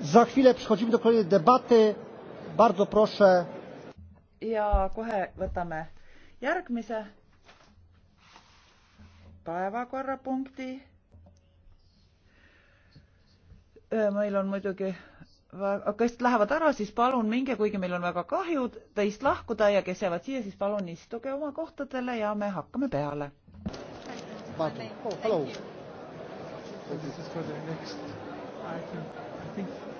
Za chwilę przechodzimy do kolejnej debaty. Bardzo proszę. Ja kohe võtame järgmise päevakorrapunkti. Meil on muidugi oh, kes lähevad ära, siis palun minge, kuigi meil on väga kahju teist lahkuda ja kes jäävad siia, siis palun istuge oma kohtadele ja me hakkame peale. Oh, hello. So this is for the next item. I think